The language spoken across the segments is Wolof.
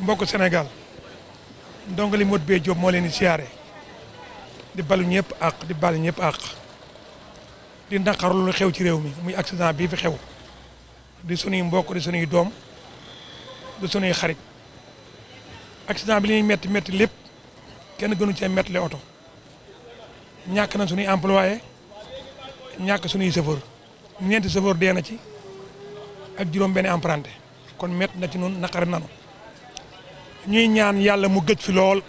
mbokk senegal ndongo li Modou Bey Diop moo leen di siyaare di balu ñëpp àq di balu ñëpp àq di naqarlu lu xew ci réew mi muy accident bii fi xew di sunuy mbokk di sunuy doom di sunuy xarit accident bi li ñuy metti metti lépp kenn gënu ci metti le oto ñàkk na sunuy employé ñàkk sunuy chauffeur ñeenti chauffeur dee na ci ak juróom benn emprunté kon metti na ci noonu naqari nanu ñuy ñaan yàlla mu gëj fi lool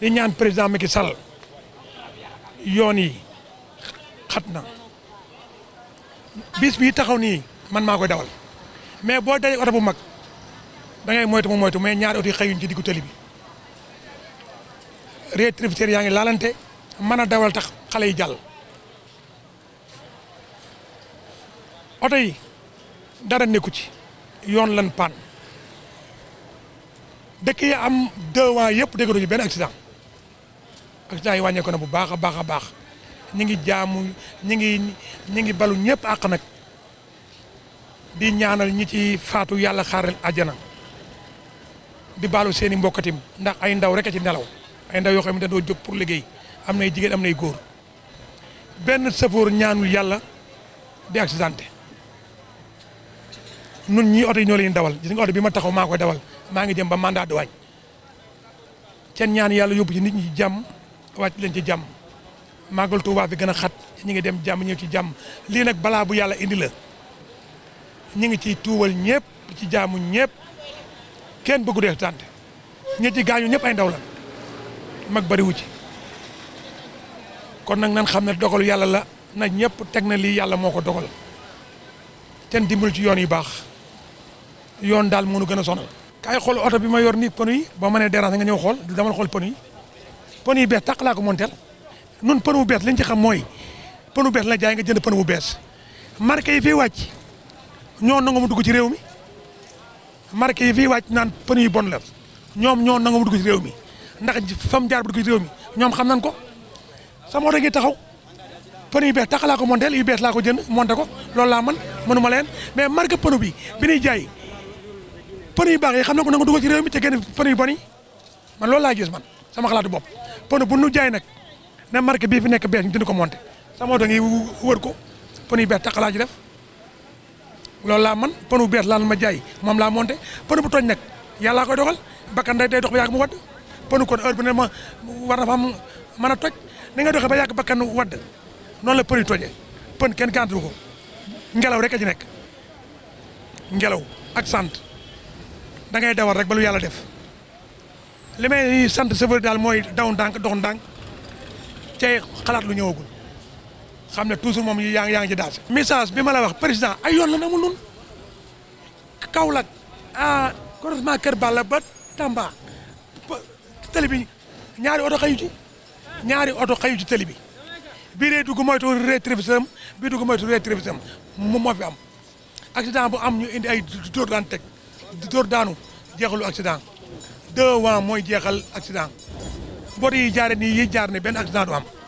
di ñaan président Macky Sall yoon yi xat na bis bii taxaw nii man maa koy dawal mais boo dajee oto bu mag da ngay moytu mu moytu mais ñaari oto yi xëyuñ ci diggu tëli bi rétroviseur yaa ngi laalante mën a dawal tax xale yi jàll oto yi dara nekku ci yoon lan paan dekk yi am deux ans dégg déggaruñu benn accident accident yi ko na bu baax a baax a baax ñi ngi jaamu ñi ngi ñi ngi balu ñëpp àq nag di ñaanal ñi ci faatu yàlla xaaral àjjana di baalu seen i mbokkatim ndax ay ndaw rek a ci nelaw ay ndaw yoo xam ne doo jóg pour liggéey am nay jigéen am nay góor benn safoor ñaanul yàlla di accidenté nun ñi oto yi ñoo leen dawal gis nga oto bi ma taxaw maa koy dawal ma ngi dem ba mandat wañ seen ñaan yalla yóbbu ci nit ñi jam wacc leen ci jam magal Tuubaa fi gëna xat ñi ngi dem jam ñew ci jam li nak bala bu yalla indi la ñi ngi ci tuwal ñepp ci jamu ñepp kenn bëggu def tante ñi ci gañu ñepp ay ndaw la mag wu ci kon nak nan xamne dogal yalla la na ñepp tek na li yalla moko dogal ten dimbul ci yoon yu bax yoon dal mënu gën sonal kay xol auto bi ma yor ni pneu yi ba mané nee nga ñew xol dama xol pneu yi pneu yi bét tak la ko montel nun pneu bu bees liñ ci xam moy pneu bu la jaay nga jënd pneu bu bees marque yi fi wacc ñoo nga mu dugg ci réew mi marqué yi fi wacc nan pneu yi bon la ñom ñoo nga mu dugg ci réew mi ndax fam jaar bu dugg ci réew mi ñom xam nañ ko sa mo ngi taxaw pneu yu bees tàq ko montel yu bét la ko jënd monté ko lool la man mënuma len mais marque pneu bi bi ni jaay pneu yu baax yi xam na ko na nga dugal ci réew mi te génn pneu loolu laa gis man sama xalaatu bopp pneu bu nu jaay nag na marque bii fi nekk bees ñu ko monté sama oto ngi wër ko pneu yu bees tax laa ci def loolu laa man pneu bu bees laa ma jaay moom laa monté pneu bu tooñ nag yàllaa koy dogal bakkan day day dox ba yàgg mu wadd pneu kon heure ne ma war na am mën a toj ni nga doxee ba yàgg bakkan wadd noonu la pneu yu tojee pneu kenn gàntu ko ngelaw rek a ci nekk ngelaw ak sant da ngay dawal rek ba lu yàlla def li may sant chauffeur daal mooy daw ndànk dox ndànk cay xalaat lu ñëw ñëwagul xam ne toujours moom yaa ngi yaa ngi ci daal message bi ma la wax président ay yoon la namul nun Kaolack ah correctement Kër Balla ba Tamba tëli bi ñaari oto xayu ci ñaari oto xayu ci tëli bi bii dee dugg moytu rétroviseur am bii dugg moytu rétroviseur am moom moo fi am accident bu am ñu indi ay dóor daan teg di dóor daanu jeexalu accident deux ans mooy jeexal accident mbot yi jaare nii yi jaar ne benn accident du am